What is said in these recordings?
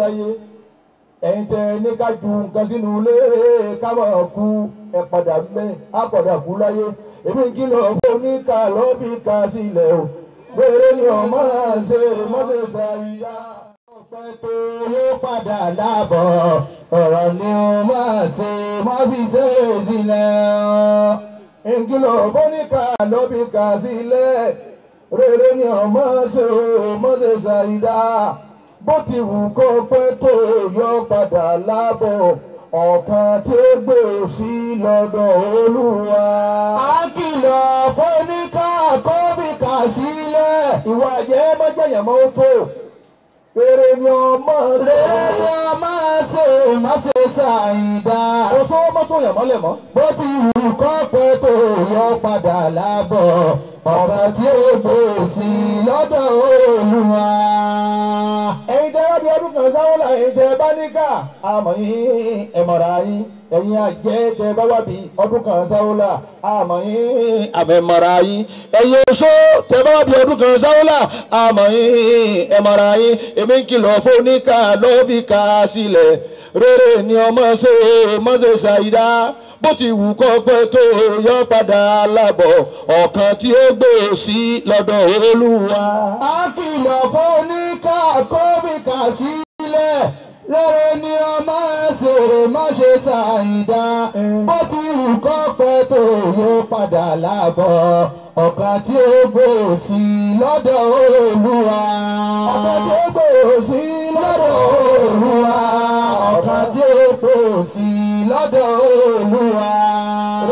láyé ẹ̀yin tẹ ní ká ju nǹkan sínú ilé ká máa kú ẹ padà mẹ́ á padà kú láyé èmi kí lọ fún oníkà lọ́bì ká sílẹ̀ o wẹ́rẹ́ ni ọmọ ṣe mọ́ṣẹ́ ṣàyíyá. ọpẹ́ tó yóò padà láàbọ̀ ọ̀rọ̀ ni o máa ṣe mọ́bí ṣe é o. èmi kí lọ fún oníkà lọ́bì ká sílẹ̀ rere ni ọmọ ṣe o mọ́ṣẹ́ ṣàyíyá bó ti wù kó pé tó yọ padà lábọ̀ ọ̀kan tí ó gbé sí lọ́dọ̀ olúwa. a kìlọ̀ fóníkà kófìkà sílẹ̀. ìwà jẹ́ mọ́jẹ̀yàn mọ́ tó èrè ni ọmọ ṣe. èrè ni ọmọ ṣe má ṣe ṣàìdá. kò sówó mọ́sọ̀yàn mọ́lẹ̀ mọ́. bó ti wù kó tó yọ padà lábọ̀ ọ̀rọ̀ tí ó gbòòsì lọ́dọ̀ Olúwa. ẹ̀yin tẹ́ wájú ọdún kan sáwọ́là ẹ̀yin tẹ́ bá níkà àmọ́ yín ẹ̀mọ̀ra yín ẹ̀yin àjẹ́ tẹ́ bá wà bí ọdún kan sáwọ́là àmọ́ yín àmẹ́mọ̀ra yín ẹ̀yin oṣó tẹ́ bá wà bí ọdún kan sáwọ́là àmọ́ yín ẹ̀mọ̀ra yín èmi ń kìlọ̀ fún lọ́bì ká sílẹ̀ rere ni ọmọ ṣe mọ́ṣẹ́ ṣàyídá bó ti wù kó pẹ́ tó yọ padà alábọ̀ ọ̀kan tí ó gbé e sí lọ́dọ̀ olúwa. a kìlọ̀ fún oníkà kóbìkà sílẹ̀ rere ni ọ máa ṣe má ṣe ṣàìdá bó ti wù kó pẹ́ tó yọ padà alábọ̀ ọ̀kan tí ó gbé e sí lọ́dọ̀ olúwa. ọ̀kan tí ó gbé e sí lọ́dọ̀ olúwa. ọ̀kan tí ó kò sí lọ́dọ̀ olúwa.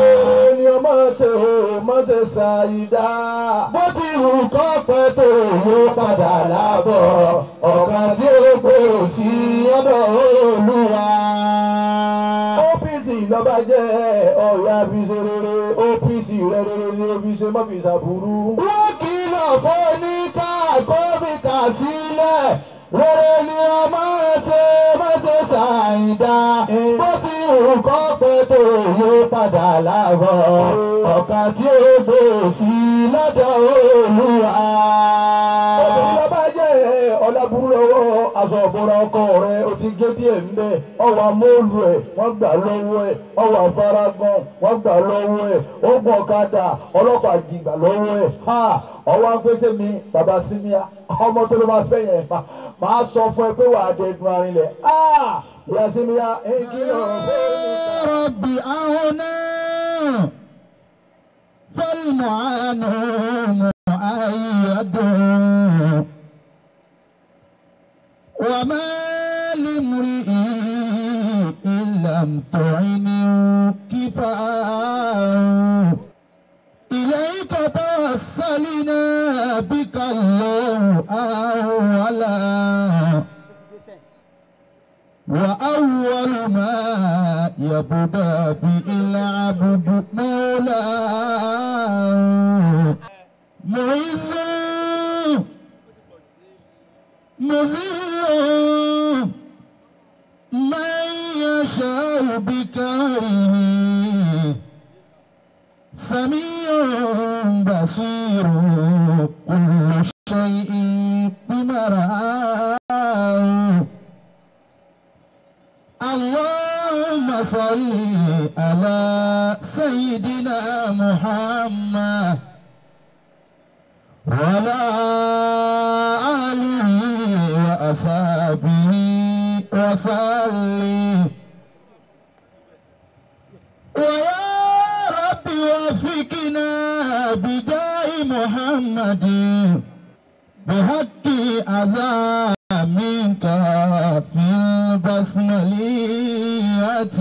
Orin ọmọ ṣe o, mọ ṣe ṣàìdá. Bó ti wù kọ́ pẹ́ tó yóò padà lábọ̀. Ọ̀kan tí ó kò sí lọ́dọ̀ olúwa. OPC lọ́ba jẹ́ ọ̀yà fi ṣe rere. OPC rẹ̀ rere ni ó fi ṣe mọ́fìsà burú. Wọ́n kìlọ̀ fún oníkà kó fìkà sílẹ̀ rere ni a máa ṣe má ṣe ṣàìdá bó ti rù kọ́ pé tó yóò padà láàbọ̀ ọ̀kan tí ó gbòòsì lọ́dọ̀ Olúwa aṣọ ìbora ọkọ rẹ o ti gé díẹ̀ ńbẹ ọwọ́ amóòlù ẹ̀ wọ́n gbà lọ́wọ́ ẹ̀ ọwọ́ afárágán wọ́n gbà lọ́wọ́ ẹ̀ ogun ọ̀kadà ọlọ́pàá dìgbà lọ́wọ́ ẹ̀ ha ọwọ́ agbésẹ́ mi bàbá símíà ọmọ tó ló máa fẹ́ yẹn máa sọ fún ẹ pé wàá dẹ̀dùn arinlẹ̀ ìyá símíà ẹ̀ kí lọ́ọ́ fẹ́ mi. فالمعان مؤيد وما لامرئ إن لم تعن كفاءه إليك توسلنا بك الله أولا وأول ما يبدأ به العبد مولاه معز مزيد من يشاء بكاره سميع بصير كل شيء بما رآه اللهم صل على سيدنا محمد ولا وأصحابه وسلم ويا رب وفقنا بجاه محمد بحق أذى منك في البسملية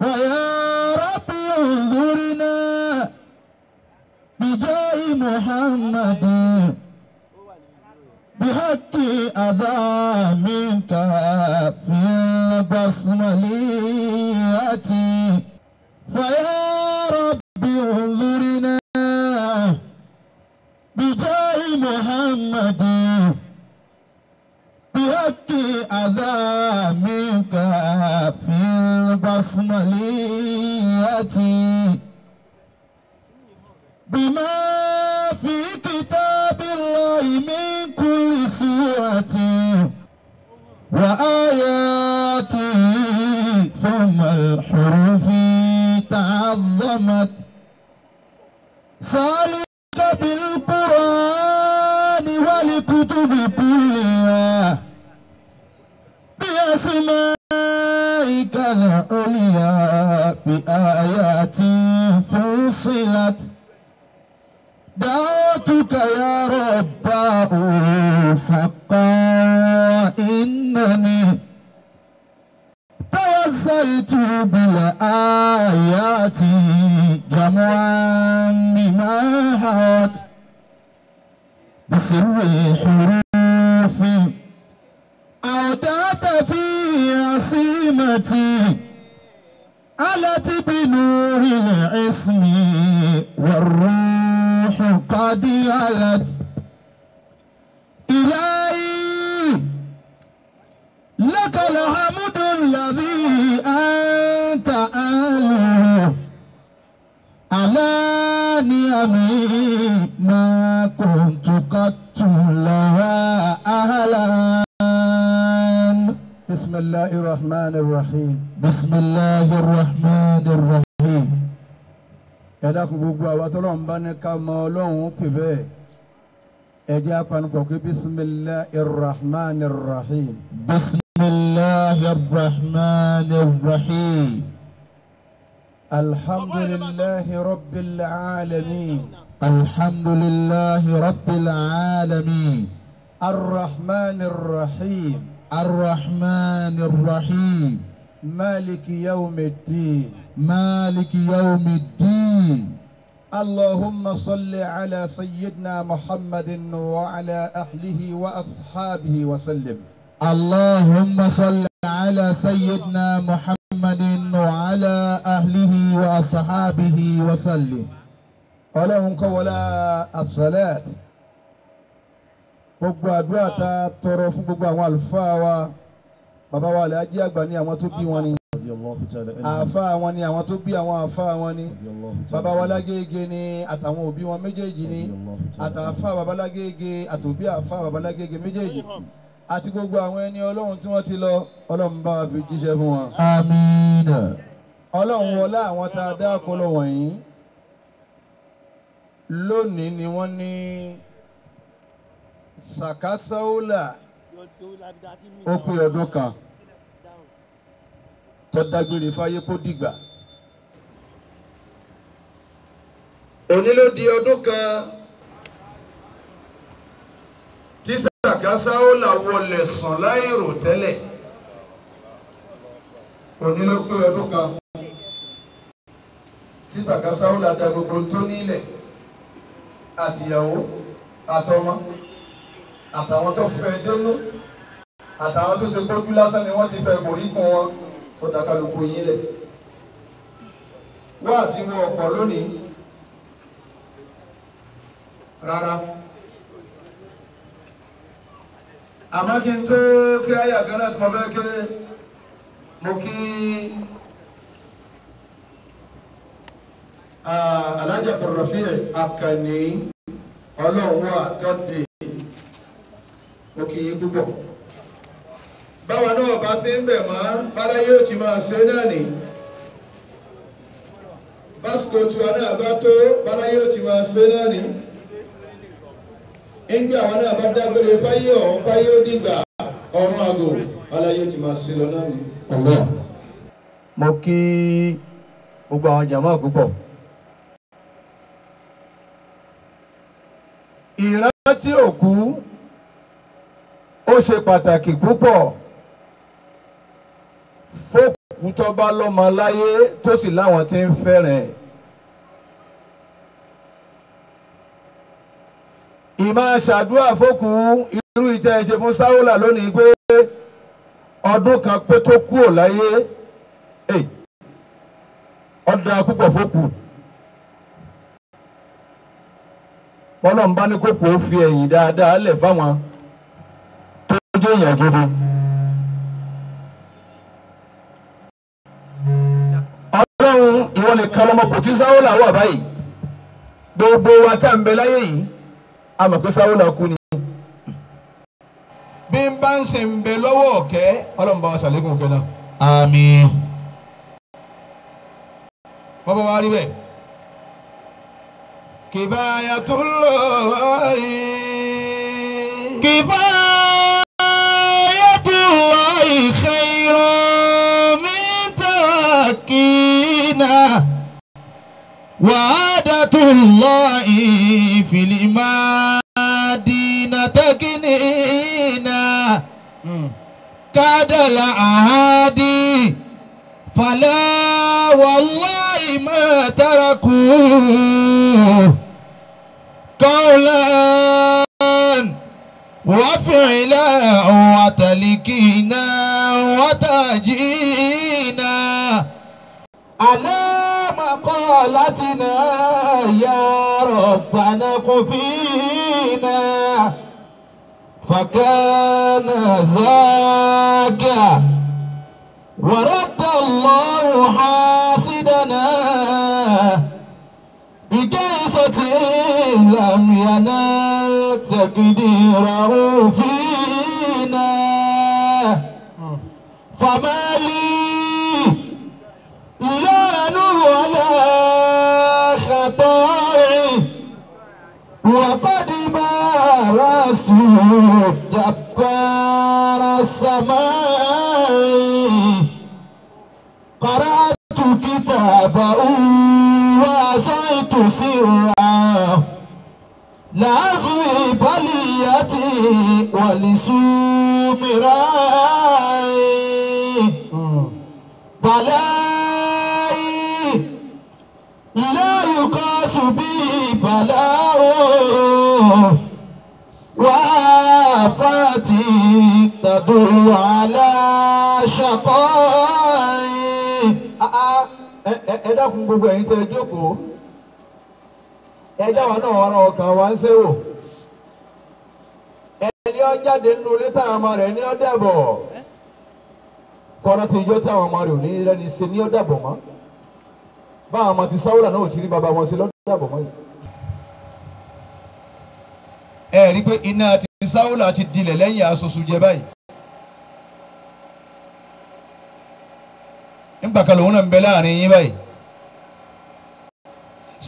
ويا رب انظرنا بجاه محمد بحق أبا منك في البصمليات فيا رب انظرنا بجاه محمد بحق أبا منك في البصمليات بما في كتاب الله من وآياتي ثم الحروف تعظمت سالك بالقرآن ولكتب كلها dákun gbogbo àwa tọ́lọ́run bá ní ká mọ ọlọ́run pè bẹ́ẹ̀ ẹ jẹ́ apanupọ̀ pé bisimilahi rahman rahim. bisimilahi rahman rahim. alhamdulilahi rabbil alamin. alhamdulilahi rabbil alamin. الرحمن الرحيم الرحمن الرحيم مالك يوم الدين مالك يوم الدين اللهم صل على سيدنا محمد وعلى أهله وأصحابه وسلم اللهم صل على سيدنا محمد وعلى أهله وأصحابه وسلم ألهم ولا الصلاة gbogbo àdúrà tá a tọrọ fún gbogbo àwọn àlùfáà wa bàbá wa lè ajé àgbà ní àwọn tó bí wọn ni àfa wọn ni àwọn tó bí àwọn àfa wọn ni baba Lágége ni àtàwọn òbí wọn méjèèjì ni àtàfà baba Lágége àtòbí àfa baba Lágége méjèèjì àti gbogbo àwọn ẹni ọlọ́run tí wọ́n ti lọ ọlọ́run bá wa fi jíṣẹ́ fún wọn. àmín. ọlọ́run wọlá àwọn tá a dá akọlọ wọ̀nyí lónìí ni wọ́n ní sàkásáólà ó pé ọdún kan kó dágbére fáyé kó dìgbà. òní ló di ọdún kan tí Sàkáṣá ó là wọlé sàn láì rò tẹ́lẹ̀ òní ló pé ọdún kan tí Sàkáṣá ó là da gbogbo tó nílẹ̀ àtìyàwó àtọmọ àtàwọn tó fẹ́ dénú àtàwọn tó ṣe gbójú lásán ni wọ́n ti fẹ́ kò wọn ó da kálukú yín lẹ̀ wá sí wọn ọ̀pọ̀ lónìí rárá àmọ́ kí n tó kí àyà kan náà tí mo fẹ́ ké mo kí alájà pọ̀rọ̀fì Àkànní ọlọ́run wà gọ́dẹ̀ mo kí yín púpọ̀ báwa náà bá ṣe ń bẹ̀ mọ́ báláyé ó ti máa ṣe náà nì básìkò tiwa náà bá tó báláyé ó ti máa ṣe náà nì ń gbé àwọn náà bá dágbére fáyé ọ̀hún fáyé ó dìgbà ọ̀run àgò báláyé ó ti máa ṣe lọ náà nì. mo kí gbogbo àwọn jàmáà púpọ̀. ìrántí òkú ó ṣe pàtàkì púpọ̀ fókù tó bá lọ́mọ láyé tó sì láwọn tí ń fẹ́ràn ẹ̀. ìmọ̀ ṣàdúrà fókù irú ìtẹ́ ṣe fún sáwọ́là lónìí pé ọdún kan pé tó kúrò láyé ọdún akúpọ̀ fókù. bọ́lá ń bá ní kókò ó fi ẹ̀yìn dáadáa lẹ̀ fáwọn tó jẹ́ èèyàn gidi. ìwọ nìkan lọmọ kò tí sáwọ́là wà báyìí gbogbo wa tá ń bẹ láyé yìí a mọ̀ pé sáwọ́là kú ni. bí n bá ń ṣe ń bẹ lọ́wọ́ ọ̀kẹ́ ọlọ́run bá wa ṣàlékún ọ̀kẹ́ náà. àmín. bàbá wa rí bẹ́ẹ̀. kìbáyà tó ń lọ wáyé. kìbáyà. وعادة الله في المدينة تكنينا كاد العهد فلا والله ما تركوه قولا وفعلا وتلكينا وتجينا على مقالتنا يا ربنا قفينا فكان ذاك ورد الله حاسدنا بجيسة لم ينال تقديره فينا فما رسول جبار السماء قرأت كتابه وأسعت سرا لأغوي بليتي ولسومراي بلاي لا يقاس بي بلاؤه وآفات تدل على شقاء ẹ gbogbo ẹ̀yin tẹ́ ẹ jókòó ẹ jáwa náà wọn ra ọkàn wa ń ṣèwò ẹni ọ jáde nínú ilé táwọn ọmọ rẹ̀ ní ọ dẹbọ kọ́nà tí ìjọ táwọn ọmọ rẹ̀ ò ní rẹ́ni ṣe ní ọ dẹbọ mọ́ báwọn ọmọ ti sáwúrà náà ò ti rí bàbá wọn ṣe lọ́dọ̀ dẹbọ mọ́ yìí ẹ rí i pé iná àti sáwùlà ti dilẹ̀ lẹ́yìn asosu jẹ báyìí. nígbà kan lòun náà ń bẹ láàrin yín báyìí.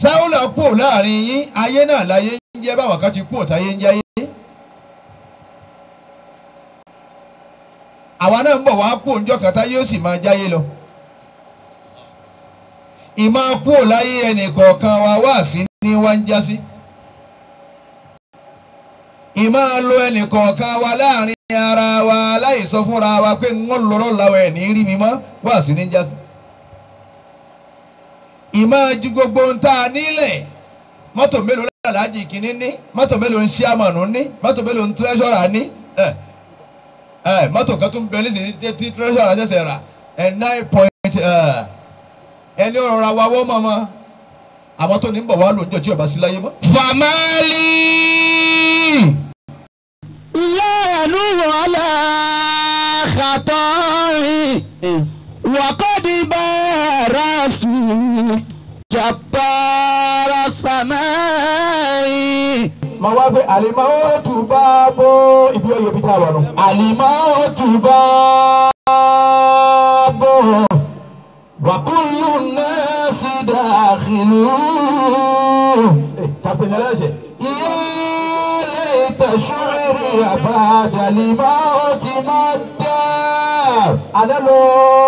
sáwùlà kú láàrin yín ayé náà láyé ń jẹ́ báwọn kan ti kú òtáyé ń jẹ́ ayé. àwa náà ń bọ̀ wá kú òǹjọ́ kàtá yóò sì máa jáyé lọ. ìmáa kú láyé ẹnì kọ̀ọ̀kan wa wá sí ní wá ń já Si ìmọ̀ lo ẹnìkọ̀ọ̀kan wa láàrin ara wa láì sọ fúnra wa pé ń lọ lọ́làwọ̀ ẹ̀ ní rí mi mọ́ wá sí ní jásí. ìmọ̀ ju gbogbo ń ta nílẹ̀ mọ́tò mélòó lálàájì kìíní ní mọ́tò mélòó ń ṣíàmọ̀nù ní mọ́tò mélòó ń tírẹ́ṣọ̀rà ní mọ́tò kan tún bẹ nísìnyí tí tírẹ́ṣọ̀rà ṣẹ̀ṣẹ̀ rà ẹ̀ nine point ẹni ọ̀rọ̀ ra wa wọ́ mọ́ mọ́ àwọn tó ní bọ̀ wá lóúnjọ tí ọba sí láyé mọ́. fàmálì. mà wá gbé àlìmáwò tù bá bó ibi oyè bí tá a wà nù. àlìmáwò tù bá bó wàkúlù náà sì dàkìlù. ẹ eh, tàbí ní ẹlẹ́sẹ̀. ìyá lè tẹ̀sùrì àbàdà ti máa dá. àná lọ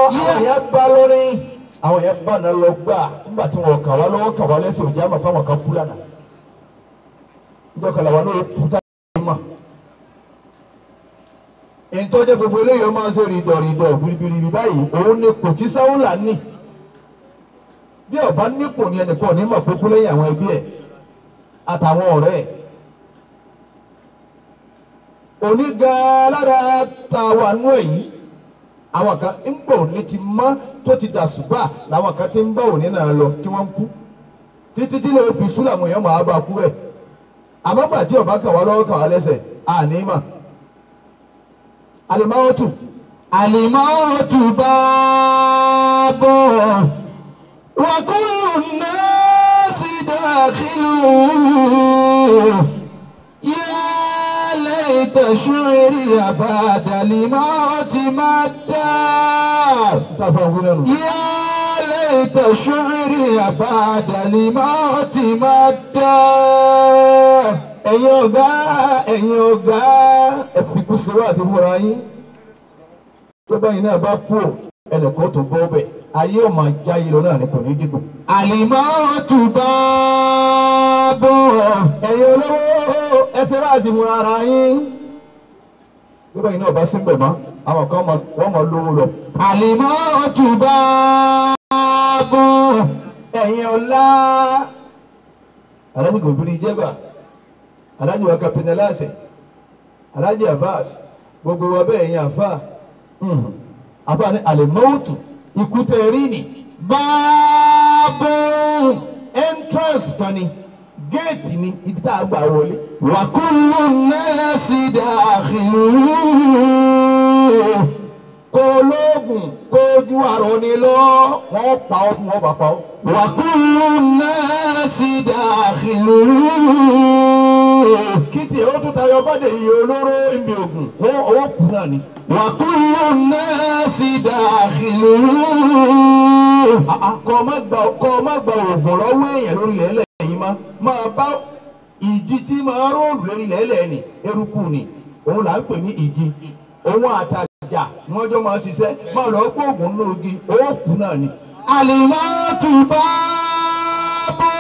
àwọn bá lórí àwọn yẹn bá náà lọ gbà nígbà tí wọn kà wá lọ́wọ́ kà wá lẹ́sẹ̀ òjá màpá wọn kà kú lánàá. dọ́kàlà wà lórí kúta ma ìtọ́jẹ́ gbogbo eléyìí máa ń ṣe rìndọ̀ rìndọ̀ bìrìbìrì báyìí bí ọba nípò ni ẹnìkan ní mọ̀ pé kú àwọn ẹbí ẹ̀ àtàwọn ọ̀rẹ́ òní gan ta wà àwọn kan tí wọ́n ń kú títí tí lè fi àmọ́gbà tí ọba kà wá lọ́wọ́ kà wá lẹ́sẹ̀ àní mà àlìmọ́tù. àlìmọ́tù bá bọ̀ wà kúrò náà sí dàkílù yá lẹ́yìn tẹ̀sùrì àbàdàlìmọ́tì má dá. yá. ليت شعري بعد الموت مدى ẹ̀yin ọ̀gá ẹ̀yin ọ̀gá ẹ̀fìkú síwá àti múra yín tó báyìí náà bá kú ò ẹnìkan tó bọ́ bẹ̀ ayé ò máa yìí lọ ní kò ní dínkù. àlìmọ́ tù bá bọ̀ ẹ̀yin olówó ẹsẹ̀ láti múra ara yín gbogbo yìí náà bá sí bẹ̀ mọ́ àwọn kan wọ́n mọ lówó lọ. àlìmọ́ òtúbà bọ̀ ẹ̀yin ọ̀la alájì gòbìnrin jẹ́bà alájì wa kapitalaṣẹ alájì abbas gbogbo wa bẹ́ẹ̀ yẹn àfa hmm. àfa ni àlìmọ́ òtù ikú entrance kan géètì ni ibi tá a gbà wọlé. wàkúlù náà sì dàkìlú. kó lóògùn kójú àrùn ni lọ wọn pa ọ wọn bá pa ọ. wàkúlù náà sì dàkìlú. kìtì ó tún tayọ bọ́dẹ̀ iye olóró ibi ògùn wọn owó kù náà ni. wàkúlù náà sì dàkìlú. kọ́ ọ má gba ògùn lọ́wọ́ èèyàn lórí ẹ̀lẹ́ mọ́ máa bá ìjì tí máa róòlù lórí lẹ́lẹ̀ ni eruku ni òun là ń pè ní ìjì òun àtàjà ni wọ́n jọ máa ṣiṣẹ́ máa lọ gbóògùn nínú igi òòkù náà ni. àlìmọ́ tù bá bó.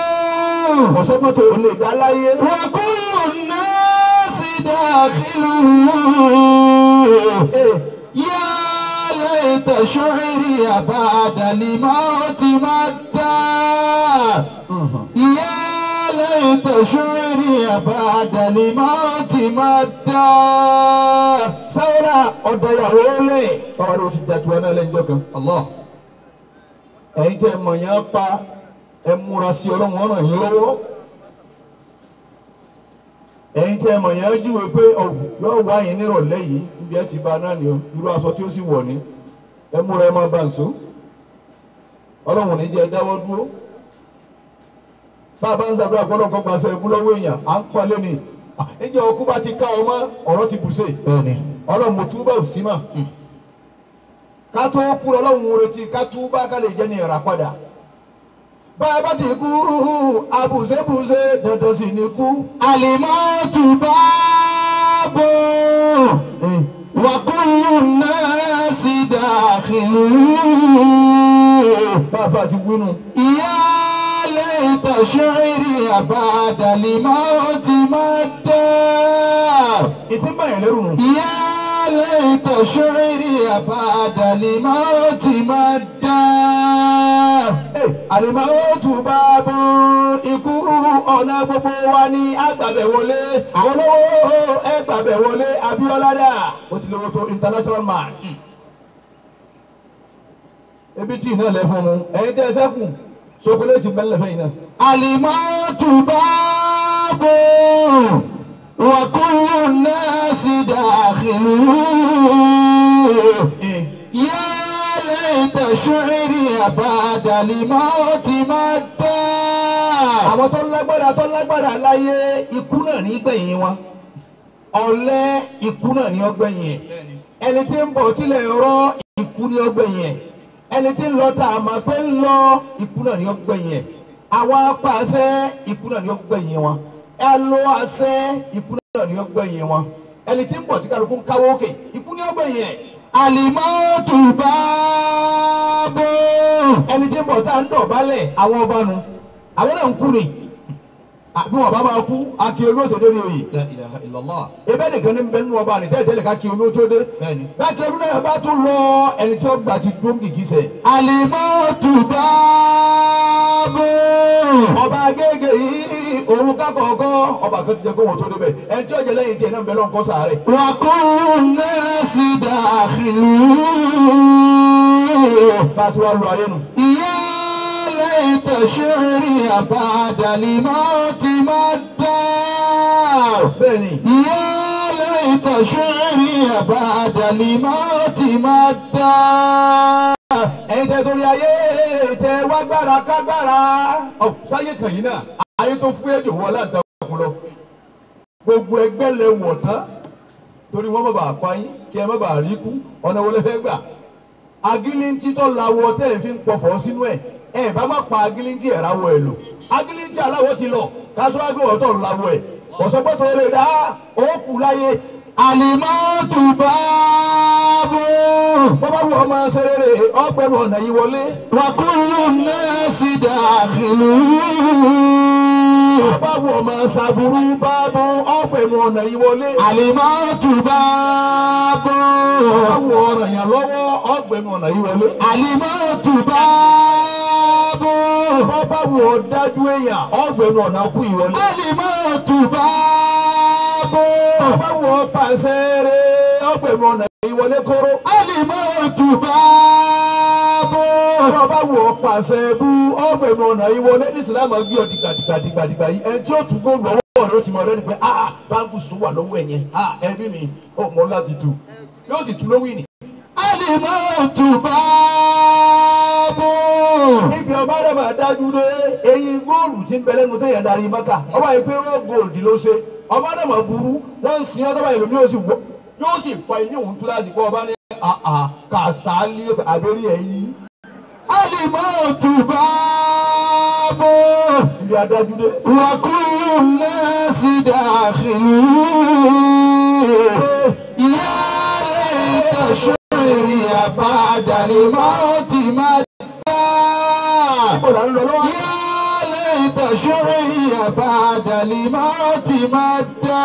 ọ̀sọ́gbọ́n tó lè dá láyé. wọ́n náà sì dàbílù yá laita shu'ri ba'da limauti madda. بيت شعري بعد الموت مدى Sáwọ́lá ọ̀dọ̀ ìyàwó lẹ̀. Báwo ni o ti dàtú ẹ náà lẹ́yìn ọkàn? Allah. Ẹ̀yin tẹ́ mọ̀ yẹn pa ẹ múra sí ọlọ́run ọ̀nà yìí lọ́wọ́. Ẹ̀yin tẹ́ mọ̀ yẹn júwe pé oh, yóò wá yín nírọ̀lẹ́ yìí níbi ẹ ti ba náà ni bá a bá ń ṣàdúrà kọ́ lọ́kọ́ gbàṣẹ ìbúlọ́wọ́ èèyàn à ń kọ́ lẹ́ni ẹ̀jẹ̀ ah, ọkú bá ti ká ọ mọ́ ọ̀rọ̀ ti bùṣe ọlọ́run mo túbọ̀ ò sí mọ́ hmm. ká tó kú ọlọ́run wo retí ká túbọ̀ ká lè jẹ́ ní ìrà padà bá a bá ti kú àbùṣebùṣe dandan sì ni kú. àlìmọ́ tù bá bò eh. wàkúrú náà sì dàkìlú. bá a fà ti wínú. ìyá. بيت شعري بعد لموت مدار يا ليت شعري بعد لموت مدار àlìmọ́tò bá bọ́ ikú ọ̀nà gbogbo wa ní àgbàbẹ̀ wọlé àwọn olówó ẹgbàbẹ̀ wọlé Abíọ́lá dà ó ti lówó tó international man ebi tí ì náà lẹ fún un ẹ̀yin tẹ́ ẹ sẹ́kù sokoleti bẹ́lẹ̀ fẹ́ yìí náà. alimọ́tò bá bò wà kúrò náà sí dàkìlú. yá lẹ́yìn tẹ̀síwìrì àbàdà limọ́tì máa dá. àwọn tó lágbára tó lágbára láyé ikú náà ní gbẹ̀yìn wọn ọ̀lẹ ikú náà ní ọgbẹ̀yìn ẹni tí ń bọ̀ tilẹ̀ rọ ikú ní ọgbẹ̀yìn ẹni tí ń lọ tá a mọ̀ pé ń lọ ikú náà ni ó gbẹ̀yìn ẹ̀ àwọn apá àṣẹ ikú náà ni ó gbẹ̀yìn wọn ẹ lọ àṣẹ ikú náà ni ó gbẹ̀yìn wọn ẹni tí ń bọ̀ tí kálukú ń káwó òkè ikú ni ó gbẹ̀yìn ẹ̀. àlìmọ́tò bá bọ́ ẹni tí ń bọ̀ tá a ń dọ̀ bálẹ̀ àwọn ọba nu àwọn náà ń kú ni bí wọn bá máa kú akí olú òsèdè ni òyì. ebe nìkan ní bẹ nínú ọba àná tẹ́lẹ̀ tẹ́lẹ̀ ká kí olú tó dé. bákì olú náà bá tún lọ ẹni tí ó gbà ti dún kìkì sẹ. àlìmọ́ tù bá ọba agége yìí òun ká ọba kan ti jẹ́ kó wọn tó débẹ̀ ẹni tí ó jẹ lẹ́yìn tiẹ̀ náà ń bẹ lọ́nkọ́ sàárẹ̀. wà á kó náà sí dàkìlú. bá a ti wá lu ayé nu. ìyá ليت شعري بعد الموت مدار يا ليت شعري بعد الموت مدار ẹ̀yin tẹ́ torí ayé tẹ́ wá gbára kágbára sáyé kàyí náà ayé tó fún ẹjọ́ wọn láǹtakùn lọ gbogbo ẹgbẹ́ lẹ wọ̀ tán torí wọn bàbà àpáyín kí ẹ má bàa rí kú ọ̀nà wọlé fẹ́ gbà agílí lawọ tẹ́ ẹ̀ fi ń pọ̀fọ̀ sínú ẹ̀ ẹ bá má pa agilinji ẹ̀ ráwọ̀ ẹ̀ lò agilinji aláwọ̀ ti lọ kátúrà gbé ọ̀tọ̀ làwọ̀ ẹ̀ ọ̀sọ́gbọ́tò rẹ̀ dá òkú láyé àlìmọ́tò bá bò. bó bá ọmọ serere ọgbẹ́nu ọ̀nà yìí wọlé. wàkúrú náà sì dàgbìlú. bó bá ọmọ sàbúrú bá bò ọgbẹ́nu ọ̀nà yìí wọlé. àlìmọ́tò bá bò. bó bá ọ̀ràn yàn lọ́wọ́ ọgbẹ́nu ọ̀nà yìí wọlé. àlìmọ́tò bá bò. ọ̀bùn. bụ wo dájú èèyàn. ọ̀gbẹ́nu ọ̀nà kú ìwọlé. ẹni máa tù bá bó. bọ́bá wo pàṣẹ rẹ ọ̀gbẹ́nu ọ̀nà ìwọlé kóró. ẹni máa tù bá wo pàṣẹ bú ọ̀nà ọ dìgbàdìgbàdìgbà yìí ẹni tí gùn. ibi ọba rẹ̀ máa dájú dé eyín góòlù tí ń bẹ lẹ́nu tẹ̀yẹ̀ darí mọ́kà ọba yìí pé wọ́n góòlù ló ṣe ọba rẹ̀ burú wọ́n sin ọba yìí lómi yóò sì fa eyín òun tó láti bọ́ ọba ní àà kàṣálí àbẹ́rí ẹ̀yìn. alìmọ́ òtù bá ibi adájú dé. wàkúrú mẹ́sì dàkìlú. ìyá rẹ̀ tẹ̀sán ìrìn àbá àdàlẹ́ máa máa. Ibo là ń lọ lọ́wọ́. Yálẹ̀ ìtàṣọ́rẹ́ ìyàbá àdàlì máa ti máa dá.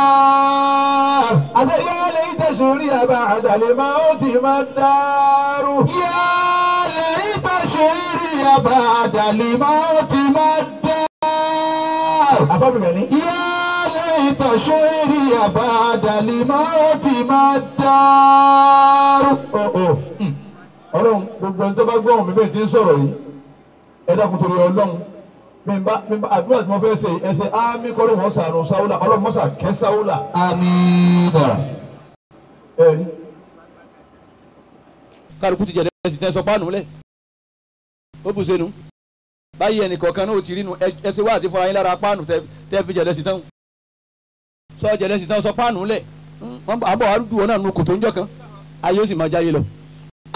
Àṣẹ yálẹ̀ ìtàṣọ́rẹ́ ìyàbá àdàlì máa ti máa dárú. Yálẹ̀ ìtàṣọ́rẹ́ ìyàbá àdàlì máa ti máa dá. Àfọ́bìnrin ni. Yálẹ̀ ìtàṣọ́rẹ́ ìyàbá àdàlì máa ti máa dárú. Oh, oh. Hmm. Ọlọ́run gbogbo ẹni tó bá gbọ́ ọ̀hún mi bẹ́ẹ̀ ti ń sọ̀rọ̀ yìí ẹ̀dàkùn torí ọlọ́run bimba bimba àdúrà tí wọ́n fẹ́ ṣe ẹsẹ̀ ámì kọ́rọ̀ wọ́n sàrò sáwùlà ọlọ́run mọ́sà kẹ́ sáwùlà. àmín. ẹ̀rí. kálukú ti jẹ̀dẹ̀ ẹ̀sìn tẹ́ sọ páànù lẹ̀ ó bù sẹ́nu báyìí ẹnìkọ̀ọ̀kan náà ò ti rínu ẹsẹ̀ wá àti fọra yín lára páànù tẹ́ fi jẹ̀dẹ̀ ẹ̀sìn tán sọ jẹ̀dẹ̀ ẹ̀sìn tán sọ páànù lẹ̀ àbọ̀ arúgbó náà nu kòtò ń jọ kan ayé ó sì máa jáyé lọ.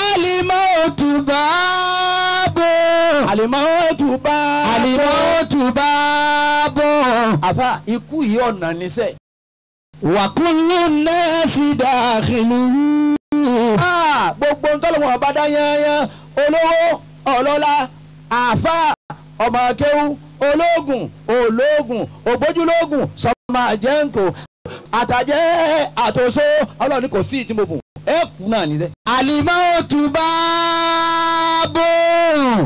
alimọ̀ òtún báà bọ̀. àlìmọ́tù bá bọ̀. àlìmọ́tù bá bọ̀. àfa ikú yìí ọ̀nà níṣẹ́. wàkúlù náà sì dàkìlù. gbogbo ntọ́lọ́wọ́n bá dá yányán olówó ọlọ́lá àfa ọmọ akéwú ológun ológun ògbójúlógun sọmọ àjẹǹkò àtàjẹ àtòso ọlọ́ọ̀ni kò sí ìtìmọ̀bùn ẹ kú náà níṣẹ́. àlìmọ́tù bá bọ̀.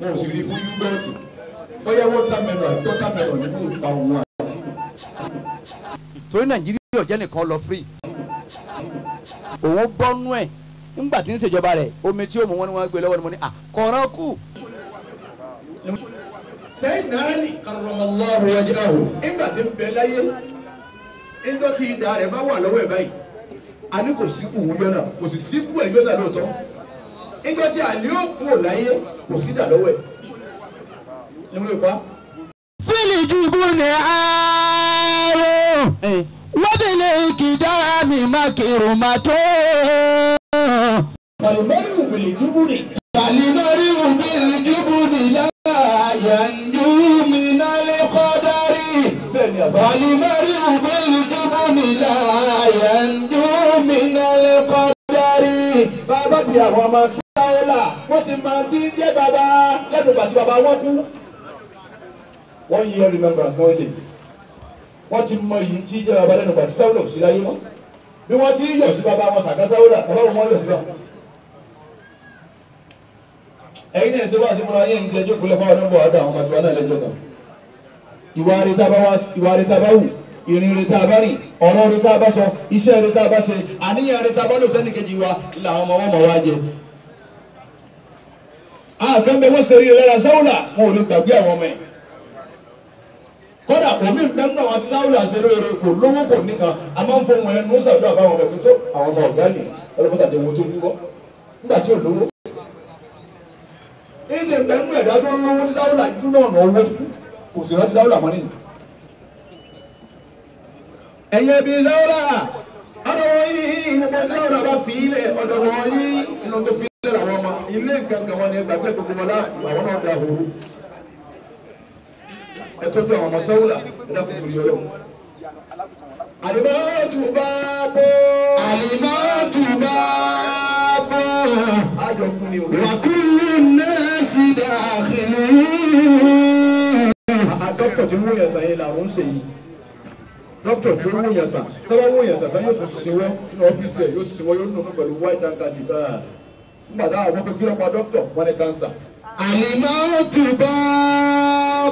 wọn ò sì rí fún yúgọ̀tì bóyá wọ́tàmẹ́lọ̀ àti wọ́tàmẹ́lọ̀ ni yóò pa òun àti. torí nàìjíríà ọ̀jẹ́ nìkan lọ free òun bọ́nú ẹ̀ nígbà tí ń ṣèjọba rẹ̀ omi tí òun wọn ni wọ́n gbé lọ́wọ́ ni mo ní àkọ́rọ́ kù. sẹ́yìn náà ni karramallahu wajhahu nígbà tí ń bẹ láyé níjọ́ tí ìdá rẹ̀ bá wà lọ́wọ́ ẹ̀ báyìí a ní kò sí kù òun yọ náà kò sì sí kù ẹ̀ yọ náà lóòótọ́ níjọ́ tí àlẹ́ òkú ò láyé kò sí dà lọ́wọ́ ẹ̀ ni mo lè pa. fílì jùbú ni àárò wọ́bìnrin ìkìdára mi máa kírun máa tó. pàlùmọ́rì òbìnrin jùbú ni. pàlùmọ́rì òbìnrin jùbú ni láyà ń dùn mí nálẹ́ kọ́ dárí. pàlùmọ́rì òbìnrin. bàbá bí àwọn ọmọ sáwọ́là wọ́n ti máa ti ń jẹ́ bàbá lẹ́nu ìgbà tí bàbá wọn kú. wọ́n yí ọ remembrance wọ́n ṣe wọ́n ti mọ èyí tí jẹ́ bàbá lẹ́nu ìgbà tí sáwọ́là ò sí láyé mọ́ bí wọ́n ti yọ̀ sí bàbá wọn sàkán sáwọ́là bàbá wọn yọ̀ sí bàbá. ẹ̀yin náà ṣe wá sí múra yẹn ń jẹ́ jókòó lẹ́fọ́ ọdún bọ̀ ọdún àwọn ọmọ ìrìn rẹ̀ tá a bá rìn ọ̀rọ̀ rẹ̀ tá a bá sọ iṣẹ́ rẹ̀ tá a bá ṣe àníyàn rẹ̀ tá a bá lò sẹ́ni kejì wa làwọn ọmọ wọn mọ̀ wá jẹ. àkànbẹ wọn ṣe rí lára sáwùlà wọn ò lè gbàgbé àwọn ọmọ ẹ̀ kódà omi ń bẹ́ẹ̀ náà wọn ti sáwùlà ṣe lóore kò lówó kò nìkan a máa ń fọ wọn ẹnu sàdúrà fáwọn ọmọ ẹ̀kú tó àwọn ọmọ ọ̀gá nì ọlọ́pàá tàbí wọn tó wúkọ́ nígbà tí ò lówó. kò sì rántí sáwùlà mọ́ nìyí ẹ̀yẹ bíi lọ́wọ́lá ọ̀dọ̀ wọn yìí gbogbo tí lọ́wọ́lá bá fi ilẹ̀ yìí inú tó fi ilẹ̀ làwọn ọmọ ilé gangan wọn ni gbàgbé gbogbo wọn lá àwọn náà da horo ẹ tọ́jú àwọn ọmọ sọ́wọ́lá ẹ dákun torí ọlọ́run. àlìmọ́tù bá bọ́ àlìmọ́tù bá bọ́ wàkúrú náà sì dàkìlú. àdókòtò wúyẹ̀ sàn yìí làwọn ń ṣe yìí dókítà tí ó wòyàn sàn tọ́wọ́ wòyàn sàn tán yóò tún sinwọ́ nínú ọ́fíìsì ẹ̀ yóò sinwọ́ yóò nù pẹ̀lú white handkerchief báà nígbà táwọn afọ́pẹ́ kí wọ́n pa dókítà wọ́n ní cancer. àlìmọ́ tù bá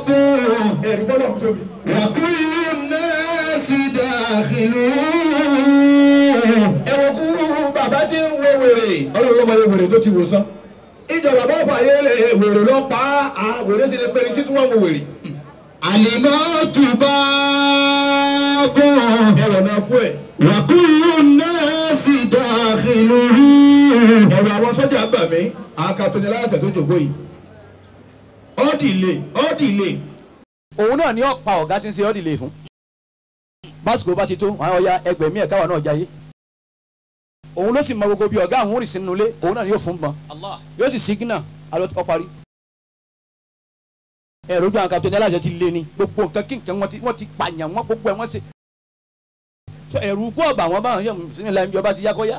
bò. ẹ̀rí bọ́lá tó mi. wàkúrú náà sì dàkìlú. ẹ̀wọ̀n kúrú bàbá tí ń wo wèrè. ọlọ́run ló máa yẹ wèrè tó ti wò sán. ìjọba bá fàyè wèrè lọ pa á wèrè sì lè pẹ́ni títí wọ́n wo wèrè alimọ́tù bá bọ̀. ẹ̀rọ náà kú ẹ̀. wàkúrú nẹ́ẹ̀sì dàkìlú rí. ẹ̀rọ àwọn sọ́jà bà mí akapẹ̀lẹ̀ láṣẹ tó jòkó yìí. ọ́dìlé ọ́dìlé. òun náà ni ọ̀pá ọ̀gá ti ń ṣe ọ́dìlé fún. básìkò bá ti tó àwọn ọya ẹgbẹ̀mí ẹ̀ káwa náà jayé òun ló sì mọ gbogbo bí ọ̀gá àwọn òrìṣìnú lé òun náà ni yóò fún bọ́n yóò sì sígínà alọ́ ọparí ẹ̀rọ ojú àwọn kan tó ní alájọ ti lé ni gbogbo nǹkan kí nǹkan wọ́n ti pààyàn wọ́n gbogbo ẹ̀ wọ́n ṣe. ẹ̀rù kú ọ̀bà wọn báwọn yóò sinmi la ẹ̀mí ọba ti yákọ́yá.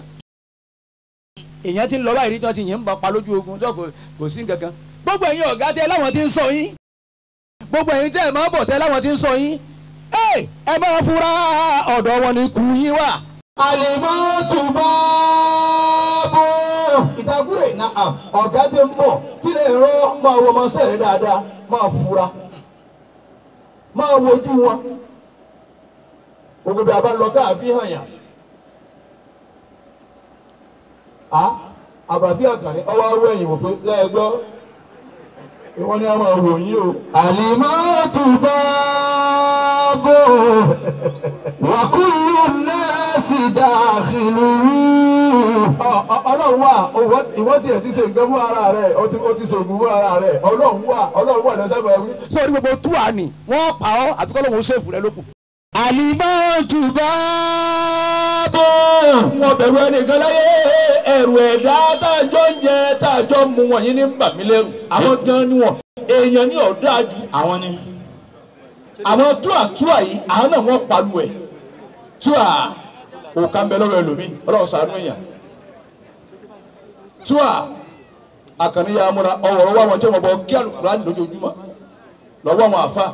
èèyàn ti ń lọ báyìí rí tí wọ́n ti yìn ń bá pa lójú ogun tó kò sí nǹkan kan. gbogbo ẹ̀yin ọ̀gá tẹ láwọn ti ń sọ yín. gbogbo ẹ̀yin tẹ́ ẹ̀ máa bọ̀ tẹ láwọn ti ń sọ yín. ẹ máa fura ọ̀dọ̀ wọn ni kù yín wà. àlè máa tún bá a. ìdágúrè náà ọ̀gá ti ń bọ̀ kí lè rán máa wo ọmọọṣẹ́ rẹ dáadáa máa fura máa wojú wọn gbogbo àbá lọ káàbí á àbàbí àkàrẹ ọwọ́ awọ ẹ̀yìn wò pé lẹ́ẹ̀gbọ́ ìwọ́n ni a máa wò o. àlìmọ́ tó bò wàkúrú sí dàkìlú. ọlọ́run wà ìwọ tiẹ̀ ti ṣe nǹkan fún ara rẹ̀ o ti ṣògùn fún ara rẹ̀ ọlọ́run wà ọlọ́run wà lọ́sẹ̀ bọ̀ ẹ̀wí. sórí gbogbo tú àní wọ́n pa ọ́ àbí kọ́ lóun ṣèfù rẹ lókun. àlìmọ́ tùbá bọ́ wọn bẹ̀rù ẹnìkan láyé ẹ̀rù ẹ̀dá tàjọ́ ń jẹ tàjọ́ mu wọ̀nyí ní bàmí lẹ́rù àwọn gan ni wọn èèyàn ní ọ̀dọ́ àjù àwọn ni àwọn túà túà yìí àwọn náà wọ́n pariwo ẹ̀ túà òkà ń bẹ lọ́wọ́ ẹlòmí ọlọ́run sànú èèyàn tíwà àkànní ya múra ọ̀wọ̀ lọ́wọ́ àwọn tí wọ́n bọ kí alukurani lójoojúmọ́ lọ́wọ́ àwọn àfa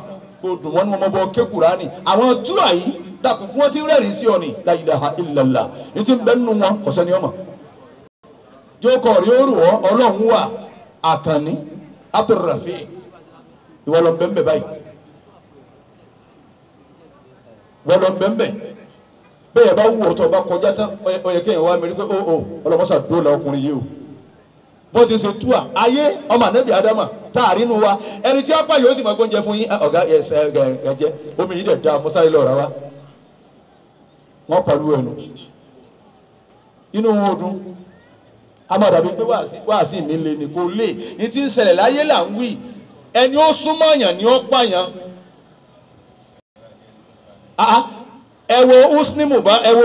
odò wọn ni wọ́n bọ kí kurani àwọn tíwà yìí dàpọ̀ kí wọ́n ti rẹ́rìí sí ọ̀nì la ilaha illallah ní ti bẹ́ẹ̀ nínú wọn kọ̀sẹ́ ni ọmọ yóò kọ̀ rí orú wọn ọlọ́run wà àkànní abdulrafi ìwọ lọ bẹ́ẹ̀ báyìí bẹ́ẹ̀ bá wù ọ̀tọ̀ bá kọjá tán ọyẹ kéèyàn wá mẹ́rin pé ó oh, ó oh, ọkùnrin yìí o bó ti ṣe tú à ayé ọmọ anabi adama tá a rí nu wa ẹni tí yóò sì máa fún yín ah, ọ̀gá ẹ̀sẹ̀ ẹ̀jẹ̀ omi yìí dẹ̀ da mọ́sáré lọ́ra wa wọ́n pàlú ẹnu inú wọn ò dùn amadabi pé wáàsí mi lè ní kó lè ní ti ń ṣẹlẹ̀ láyé là ń wí ẹni ó súnmọ́ ẹ wo usni muba ẹ wo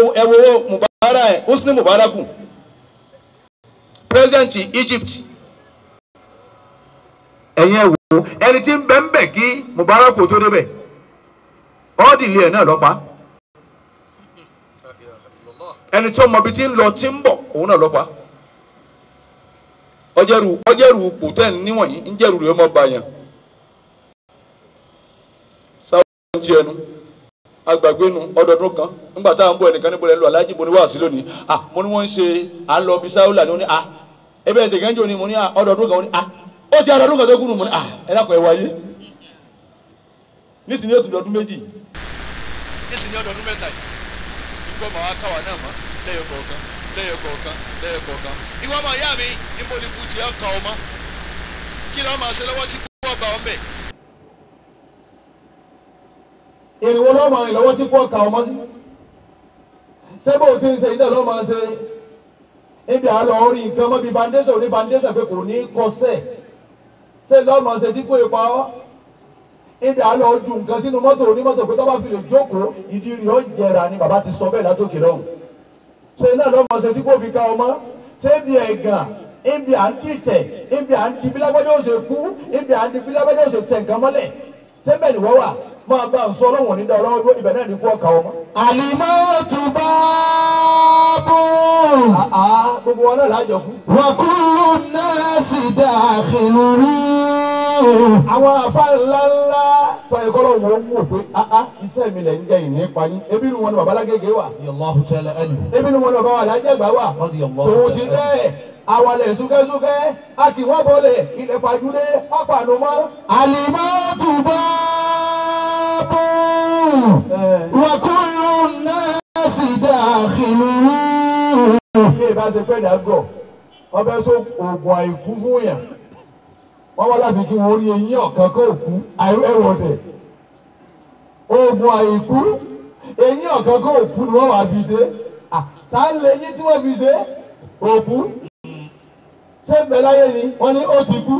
mubara ẹ usni mubaraku president Egypt. ẹni tí ń bẹ ń bẹ̀ kí mubaraku tó débẹ̀ ọ́ọ́dìlì ẹ̀ náà ẹni tí ọmọ ti ń lọ ti ń bọ̀ òun náà ọjẹ́rù ọjẹ́rù pòtẹ́ẹ̀n ń agbàgbénu ọdọọdún kan nígbà táwọn ń bọ ẹnìkan níbo lẹ́nu aláàjì bo ni wá sí lónìí ah mo ní ṣe à ń lọ bí ni ó ní ebe ẹsẹ̀ gẹ́njọ́ ni mo ní ọdọọdún kan ó ní ah ó ti ọdọọdún kan tó kúrú mo ní ah ẹ dákun ẹ wáyé nísìnyí méjì nísìnyí ọdọọdún yìí káwa náà ọ kí ìrìnwó lọ́mọ ìlọ́wọ́ tí kò kà ọmọ sí sẹ́bò tí ń ṣe ìdá lọ́mọ ṣe níbi àlọ́ orí nǹkan mọ́ bí foundation ò ní foundation pé kò ní kọsẹ̀ ṣé lọ́mọ ṣe tí kò ipa ọ́ níbi àlọ́ ojú nǹkan sínú mọ́tò onímọ́tò pé tọ́ba fi lè jókòó ìdí rí ó jẹra ni bàbá ti sọ bẹ́ẹ̀ látòkè lọ́hùn ṣé iná lọ́mọ ṣe tí kò fi ka ọmọ ṣé bí ẹ̀gàn ibi à ń dìtẹ̀ ibi à ń dibilágbájọ́ òṣèkú ibi à ń dibilágbájọ́ òṣètẹ̀ máa bá ń sọ ọlọ́wọ̀n ní dá ọlọ́wọ́ dúró ibẹ̀ náà ní kú ọ̀kà ọmọ. àlìmọ́ tó bá bù. gbogbo wọn náà lájọ kú. wàkúrú náà sì dá àfihàn rú. àwọn àfa ńlá ńlá tó ayé kọ́lọ́ wo wò pé ah, ah, iṣẹ́ mi lẹ̀ ń jẹ ìní pa ebi ni wọn ni bàbá alágége wà. ebi ni wọn ni bàbá wa alájẹgbà wà. tòun ti dẹ́ àwàlẹ̀ súkẹ́súkẹ́ a kì wọ́n bọ̀lẹ̀ ilẹ̀ pàjùdé ọ̀pànùmọ́. àlìmọ́ tùbọ́. مغرقون وكل الناس داخلون ilé ìbá ṣe pẹ́ dàgọ̀ ọbẹ̀ tó oògùn àìkú fún yàn wọ́n wá láfi kí wọ́n rí eyín ọ̀kan kó òkú ẹ̀wọ̀dẹ̀ oògùn àìkú eyín ọ̀kan kó òkú ni wọ́n wá fi ṣe tá a lè eyín tí wọ́n fi ṣe òkú ṣé ń bẹ láyé ni wọ́n ní ó ti kú.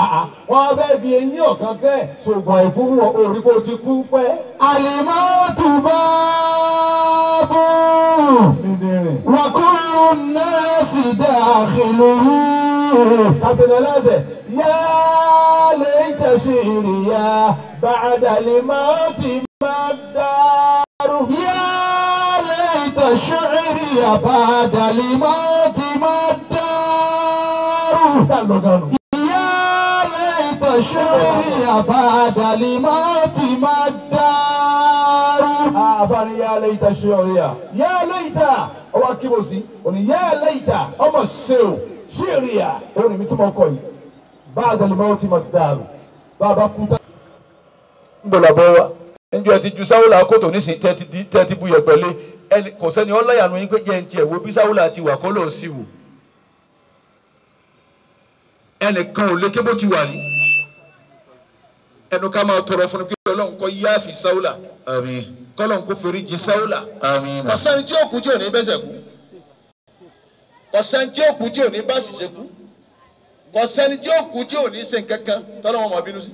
Ah, wọ́n fẹ́ fi eyín ọ̀kan kẹ́ ṣùgbọ́n ìkú fún wọn orí bó ti kú pẹ́. àlèmọ́ tùbọ̀ bù wàkúrú náà sì dá àkìlú. kàbìnà lọ́sẹ̀ yá lè tẹ̀sí ìrìyà bàdà lè ti má dàrú. yá lè tẹ̀sí ìrìyà bàdà lè má ti má dàrú ṣẹ́rí àbádàlì má ti má dárú. Ah, àfààní yá lẹ́yìntà ṣe ọ̀rẹ́ yà. yá lẹ́yìntà ọwọ́ akíbo sí òní yá lẹ́yìntà ọmọ ṣe o ṣẹ́rí yà. òní mi tún mọ ọkọ yìí bàdàlì má ti má dárú bàbá kú tá. ń gbọ́dọ̀ bọ́ wa njọ ti ju sáwùlà kòtò nísìnyí tẹ́tí di tẹ́tí bu pẹ̀lẹ́ ẹni kò sẹ́ni ọlọ́yàánú yín pé jẹ́ ń wo bí sáwùlà ti wà kọ́ lọ́ọ́ sí wò ẹnìkan ò lè kébó ti wà ní ẹnu ká máa tọrọ fún un pé ọlọ́run kó yáàfin sáúlà àmín kọ́lọ́run kó forí jì sáúlà àmín ọ̀sán tí òkú tí ò ní bẹ́sẹ̀ kú ọ̀sán tí òkú tí ò ní bá sì ṣe kú kọsẹni tí ó tí ò ní ṣe kankan tọ́lọ́ wọn bínú sí.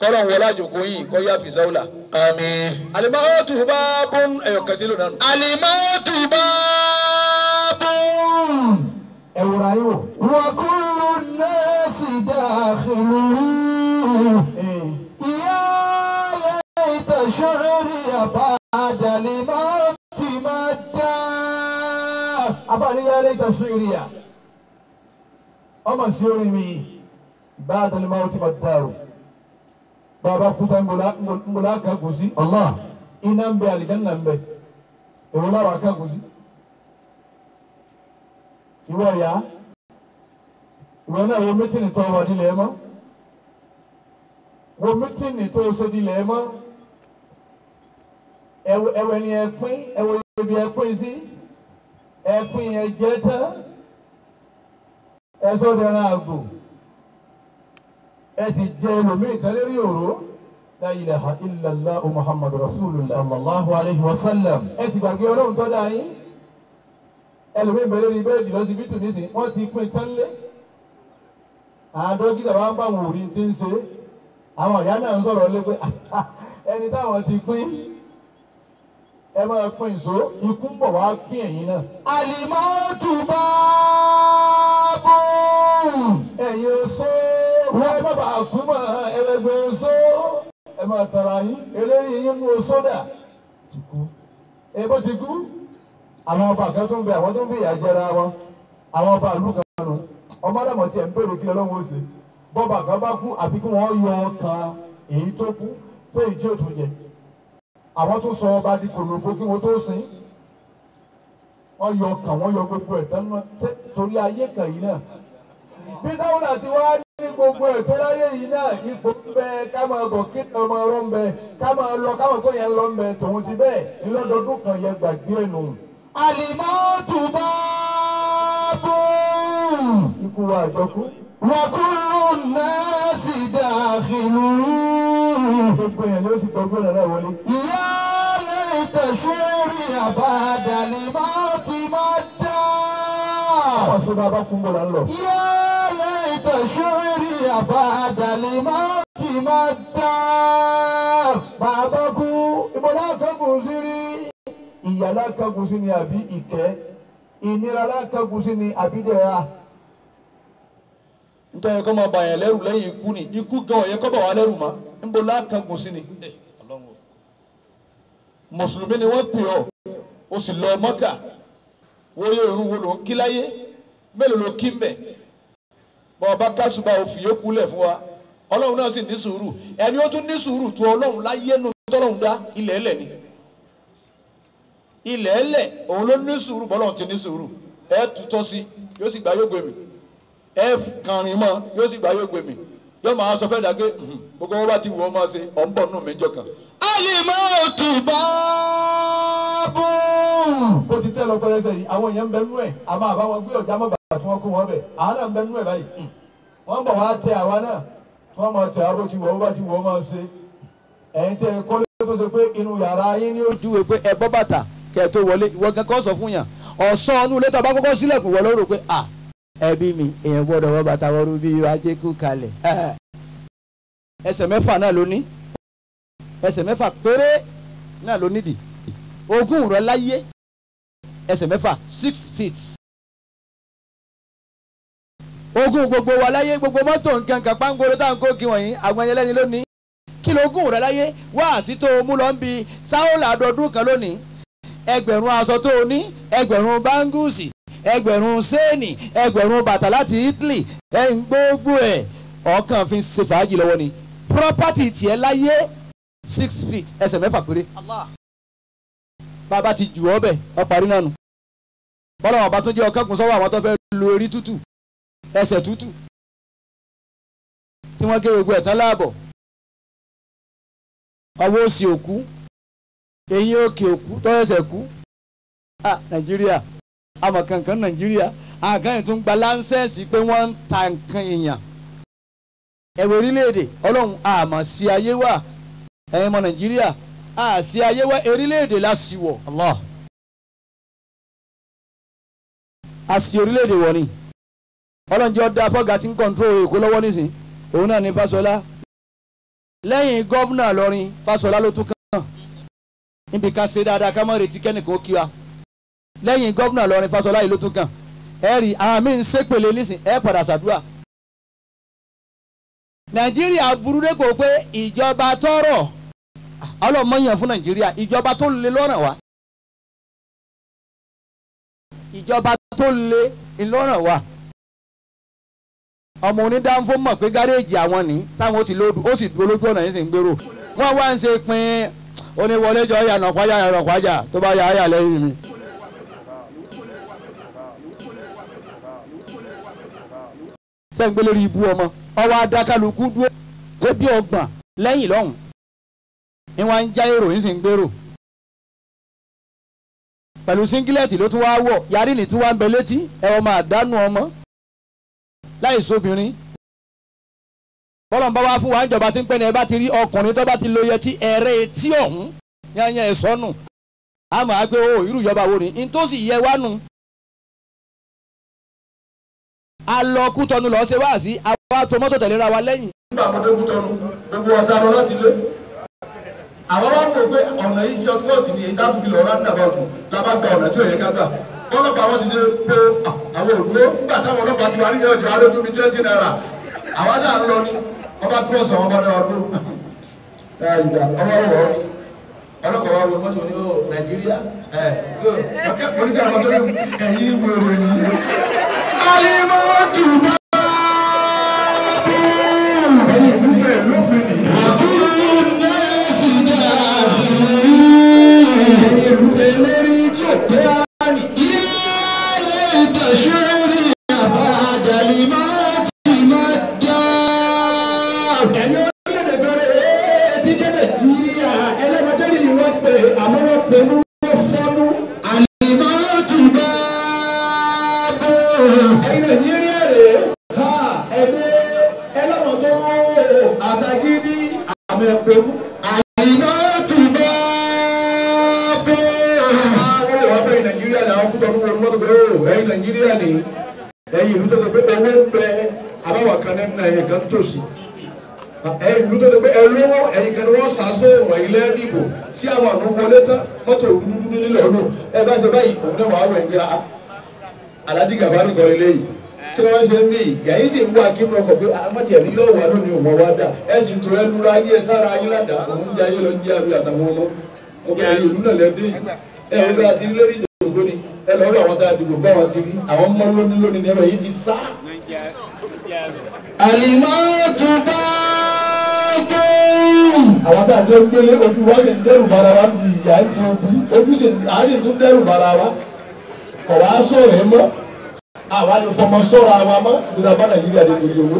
kọ́lọ̀ ń wọlá yìí kọ́ yá fi sáwùlà. àmín. bá bún ẹ̀yọ̀ kẹtí lò nánu. àlìmáwò bá bún. ẹ̀wùrà yìí wọ́n kúrò náà sì dáa شعري بعد الموت مدى àfààní yá lẹ́yìn tó sún ìrìyà ọmọ sí orin mi بعد الموت مدى o bàbá kúta ńgbọ́lá kankun sí Allah iná ń bẹ àlìjáná ń bẹ èwo náà wà kankun sí ìwọ ya ìwọ náà wo mítìnì tó wà nílẹ̀ mọ́ wo mítìnì tó ṣe nílẹ̀ mọ́ ẹ̀wẹ̀ ni ẹ̀pín ẹ̀wẹ̀ ibi ẹ̀pín sí ẹ̀pín yẹn jẹ́ tán ẹ̀sọ́ dẹran àgbò ẹ sì jẹ ẹlòmíì tán lérí òró la ilaha illallah muhammad rasulullah sallallahu alayhi wa sallam ẹ sì gbàgbé ọlọ́run tó dá yín ẹlòmíì bẹ̀rẹ̀ ní bẹ́ẹ̀dì lọ́sibítù nísìnyí wọ́n ti pín tán lé àádọ́gídà wa ń bá wọn òrí ń ṣe àwọn ìyá náà ń sọ̀rọ̀ lé pé ah, ah, ẹni táwọn ti pín ẹ máa pín ìṣó ikú ń bọ̀ wá pín ẹ̀yin náà. àlìmọ́tò bá bù. ẹ̀yin sọ wọ́n ẹ bàbá kú mọ́ ẹlẹgbẹ́ sọ ẹ máa tara yín eléyìí yín mú sódà ti kú. ẹ bó ti kú àwọn ọba kan tó ń bẹ àwọn tó ń fi ìyà jẹra wọn àwọn ọba ìlú kan nù ọmọ àdàmọ̀ tiẹ̀ ń bèrè kí ọlọ́run ó ṣe bọ́ba bá kú àfi kí wọ́n yọ ọkàn èyí tó kú fún èyí tí ó àwọn tó sọ ọba di kòlòfó kí wọ́n tó sìn wọ́n yọ kàn wọ́n yọ gbogbo ẹ̀ náà torí ayé kàn yìí náà bí sáwọ́sà ti wá ní gbogbo ẹ̀ láyé yìí náà ipò ń bẹ ká máa bọ̀ kí ni ọmọ ọ̀rọ̀ ń bẹ ká máa lọ ká máa kó yẹn lọ ń bẹ tòun ti bẹ́ẹ̀ ńlọ́dọọdún kan yẹn gbàgbé ẹ̀ àlìmọ́ tùbọ̀ bù. ikú wa àjọkú. wàkúrò náà sì dàgìlú. gbogbo yẹn ló sì gbọgbó náà wọlé. ìyá tẹ̀súrì àbádàlì má ti má dá. àwọn sọ bá bá kún bọ̀ lánàá. yẹ́lẹ̀ tẹ̀súrì àbádàlì má ti má dá. bàbá kú ìbọ̀lá kankan sí rí ìyàlá kankan sí ni àbí ìkẹ́ ìnira lákankan sí ni àbí dẹ́ra nítorí kọ́ máa bàyàn lẹ́rù lẹ́yìn ikú ni ikú gan ọ̀yẹ́ kọ́ bà wá lẹ́rù mọ́ níbo lákankan sí ni. Eh mùsùlùmí ni wọ́n pè ọ́ o sì lọ mọ́kà wọ́n yẹ òun wo ló ń kí láyé mélòó ló kí mbẹ̀ bọ́ ọba kásùbà òfin yókù lẹ̀ fún wa ọlọ́run náà sì ní sùúrù ẹni ó tún ní sùúrù tó ọlọ́run láyé nu tọ́lọ́run dá ilẹ̀ ẹlẹ̀ ni ilẹ̀ ẹlẹ̀ òun ló ní sùúrù bọ́lọ́run ti ní sùúrù ẹ tutọ́ sí yóò sì gbà yóò gbèmí ẹ kàrin mọ́ yóò sì gbà yóò gbèmí yóò máa sọ fẹ́ dàgé gbogbo wọn bá ti wù ọ́ máa ṣe ọ̀ nù mí jọ kan. alimọ̀ tù bá bù. bó ti tẹ́ lọ pẹrẹsẹ yìí àwọn èèyàn ń bẹ nú ẹ̀ àmọ́ àbá wọn gbé ọ̀já mọ́ bàbà tí wọ́n kó wọn bẹ̀ àwọn ń bẹ nú ẹ̀ báyìí hmm. wọ́n bọ̀ wá tẹ àwa náà tí wọ́n máa tẹ àbó ti wù ọ́ bá ti wù ọ́ máa ṣe ẹ̀yin tẹ kọ́lé tó ṣe pé inú yàrá yín ni ó júwe pé ẹ bọ́ bàtà kẹ́ẹ̀ tó wọlé ìwọ ẹbí mi èèyàn gbọ́dọ̀ wọ bàtà wọrú bí ajé kú kalẹ̀. ẹsẹ̀ mẹ́fà náà ló ní ẹsẹ̀ mẹ́fà péré náà ló nídìí ogún rẹ láyé ẹsẹ̀ mẹ́fà six feet. ogún gbogbo wa láyé gbogbo mọ́tò nǹkan kan pàǹgolo tá à ń kó kí wọ̀nyí àwọn ẹyẹ lẹ́ni lónìí kí ló ogún rẹ láyé wáàsí tó o mú àdọ́dún kan lónìí ẹgbẹ̀rún aṣọ tó o ní ẹgbẹ̀rún báńgúùsì ẹgbẹ̀rún séènì ẹgbẹ̀rún bàtà láti Italy ẹ̀ ń gbogbo ẹ̀ ọ̀kan fi ń ṣe fàájì lọ́wọ́ ni property tiẹ̀ láyé six feet ẹsẹ̀ mẹ́fà péré bàbá ti jù ọ́ bẹ̀ ọ parí nánu bọ́lá ọba tó jẹ́ ọkẹ́kùn sọ́wọ́ àwọn tó fẹ́ lu orí tútù ẹsẹ̀ tútù tí wọ́n gé gbogbo ẹ̀ tán láàbọ̀ ọwọ́ òsì òkú eyín òkè òkú tọ́ ẹsẹ̀ kú ah Nàìjíríà. àmọ́ kankan nàìjíríà àgán yìí tún gba láńsẹ̀nsì pé wọ́n ń ta nǹkan èèyàn ẹ̀wẹ̀ orílẹ̀-èdè ọlọ́run àmọ́ sí ayé wà ẹ̀yin ọmọ nàìjíríà àṣì ayé wà orílẹ̀-èdè láṣì àṣì orílẹ̀-èdè wọ̀ ni ọlọ́njẹ́ ọ̀dà fọ́gà tí ń kọ́ńtró èkó lọ́wọ́ nísìn òun náà ni Fasola. lẹ́yìn gọ́vnà lọ́rin Fasola ló tún kàn níbi ká ṣe dáadáa ká má lẹ́yìn gómìnà lọrin Fáṣọlá yìí ló tún kàn ẹ rí àmì ń sépèlè nísìn ẹ padà ṣàdúrà. Nàìjíríà burú dé kò pé ìjọba tọrọ ọlọmọyàn fún Nàìjíríà ìjọba tó le lọ́ràn wá ìjọba tó le ńlọ́ràn wá ọmọ onídàáfó mọ̀ pé gáréèjì àwọn ní táwọn ti lóòdù ó sì dúró lójú ọ̀nà yìí sì ń gbèrò wọ́n wá ń ṣe pin oníwọlé jọ yànnà kwájà yànnà kwájà tó bá yà á yà lẹ́yìn mi. sẹ́ńgbé lórí ibú ọmọ ọwọ́ adákàlùkù dúró ṣé bí ọgbọ̀n lẹ́yìn lọ́hùn ni wọ́n ń já èrò yìí sì ń gbèrò pẹ̀lú síngílẹ̀tì ló tún wá wọ̀ yarí ni tí wọ́n ń bẹ létí ẹ̀rọ máa dánú ọmọ láì sóbìnrin bọ́lọ̀ ń bá wá fún wa ń jọba tí ń pẹ́ ni ẹ bá ti rí ọkùnrin tó bá ti lo yẹtí ẹ̀rẹ́ etí ọ̀hún yányán ẹ̀ sọ́nù àmọ́ àgbẹ̀ o irú ìjọba wo ni ntòsí yẹ wá a lọ kútọnu lọ ṣe wá sí àwa tó mọ́tò tẹ̀léra wa lẹ́yìn. nígbà mo dé kútọnu gbogbo ọ̀tá lọ láti lé àwọn wá ń wò pé ọ̀nà yìí ṣe ọtúnọ̀tì ni èyí dáàbò fi lọ ráńdà bá ọdún lábá gba ọ̀nà tí ò yẹ ká gbà wọn lọ́pàá wọn ti ṣe pé àwọn òdúró nígbà táwọn ọlọ́pàá ti wá ní ìyànjú alójú mi twenty naira àwọn aṣáà ń ọba kúrọ̀sì àwọn ọba náà ọdún ọmọ ọlọ́pàá wa wọ mọ́tò ní o nàìjíríà ẹ yóò polisi àwọn tó ní ẹ̀yìn wèrè ni. ayé máa tù kí n lọkọ̀ pé àmọ́tí ah, ẹ̀rí yóò wà lónìí òun ọwọ́ dà ẹ tó ẹnu ra ayé sára ayé ládàá òun jẹ́ ayé lọ ní àrùn àtàwọn ọmọ obìnrin ìlú náà lẹ́dí ẹ ń lọ àti lórí ni ẹ lọ rí àwọn tá a dìbò bá wọn ti rí àwọn mọ lónìí lónìí ní ẹ̀rọ yìí ti sá. àlìmọ́ tó bá tó. àwọn tá a jọ gbélé ojú wa sì ń dẹ́rù bara wa bí ìyá ìdí ojú sì ń dẹ́rù bara kọ̀ wá sọ̀rọ̀ ẹ àwa ah, lè fọmọ sọ́ra wa mọ́ nígbà bá nàìjíríà lè tó yòwó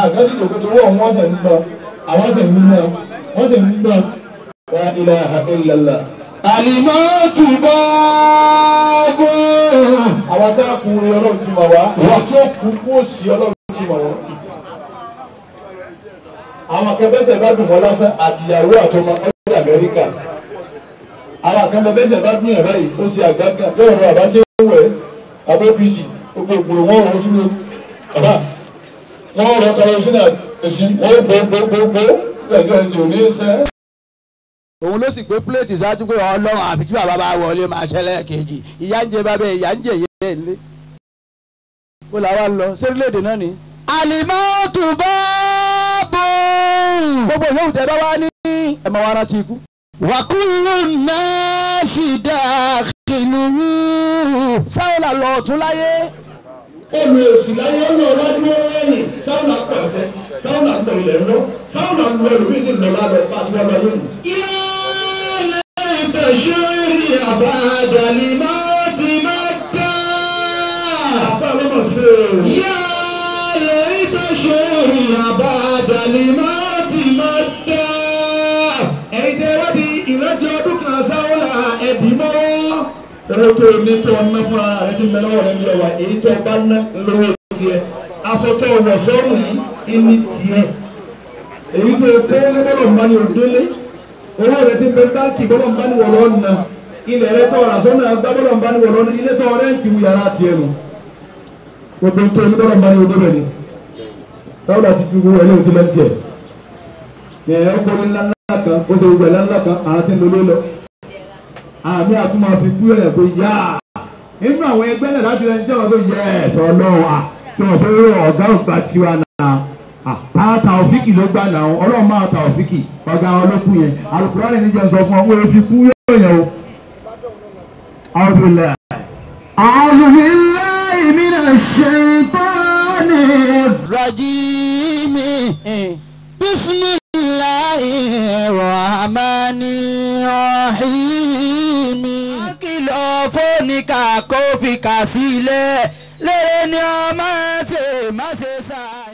àgbà sì tòkó tó wọ́n wọ́n sẹ̀ ń gbọ́ àwọn sẹ̀ ń gbọ́ wọ́n sẹ̀ ń gbọ́. wà á ilẹ̀ àhàkẹ́lẹ́lá. àlìmọ́ tùbọ̀ bọ́. àwọn tá a kú ọlọ́run ti mọ̀ wá wọ́n tó kú kú òsì ọlọ́run ti mọ̀ wọ́n. àwọn akẹ́bẹ́sẹ̀ bá dùn wọ́n lásán àtìyàwó àtọmọ ọlọ́dún Amẹ́ríkà àwọn akẹ́bẹ́sẹ̀ bá dùn yàrá yìí ó àbí apc gbogbo ìgbòho wọn ò dúró bàbá wọn rọ kọlọsínà èsì wọn gbogbogbò lẹ́yìn ẹsẹ òní ẹsẹ. òun ló sì gbé pléètì ṣáájú pé ọlọ́run àfi tí bàbá bá wọlé máa ṣẹlẹ̀ kejì ìyá ń jẹ bábẹ́ ìyá ń jẹ ìyá ẹ̀ lé. mo là wá lọ sórílẹ̀ náà ni. àlìmọ́ tún bọ́ bọ́. gbogbo ìyóhùn bá wá ní ẹ̀mọ́ wa rántí ikú wàkúrú nẹ́ẹ̀sì dàkìlúrú. sáwọn làlọ́ ọ̀tún láyé. olè èsì láyé ọ̀nà ọ̀làjú ọ̀rẹ́yìn sáwọn àpàṣẹ sáwọn àgbà ilẹ̀ ńlọ sáwọn àgbà ẹlòmíín sì lọ lálẹ́ pàtó ọ̀nà yìí. ilé ìtẹ̀síọ́rì àbádàlì máa ti máa dá. àfa ló mọ̀ sí o. yá ilé ìtẹ̀síọ́rì àbádàlì máa ti máa dá. eré tó o ní o ná fún ara rẹ ju mẹ́lẹ́ wọ̀ lẹ́nu ẹ̀wà èyí tó o bá ná lówó tiẹ̀ aṣọ tó o wọ̀ sọ́run yìí ní tiẹ̀ èyí tó o kó gbọ́dọ̀ mbani òdélé owó rẹ ti bẹ báńkì gbọ́dọ̀ mbani wọ̀ lọ́ọ̀ na ilẹ̀ rẹ tọ̀ ọ̀rà sọ́nà gbọ́dọ̀ mbani wọ̀ lọ́ọ̀ ilé tọ̀ ọ̀rẹ́ ti wù yàrá tiẹ̀ nù gbogbo tó o ní gbọ́dọ̀ mbani òdélé ni táwọn àti gbogbo ẹ̀ lóun ti lọ́ tiẹ̀ ẹ̀yọ́ kọ́ni ńlá ńlá kan ó ṣe gbogbo ẹ̀ kan àwọn ti àmì àtúmọ̀ fi gbú ẹ̀ pé yá inú àwọn ẹgbẹ́ náà láti rẹ̀ jẹ́wọ́ pé yẹ ẹ̀sọ́ ọlọ́run tí wọ́n fẹ́ rọ ọ̀gá tiwa náà àpá tàòfíkì ló gbà náà ọlọ́run máa tàòfíkì ọ̀gá ọlọ́kù yẹn sọ fún ọ wọ́n fi kú yẹn o. kíkà kó fi kà sílẹ̀ lére ni a máa ṣe má ṣe sáà.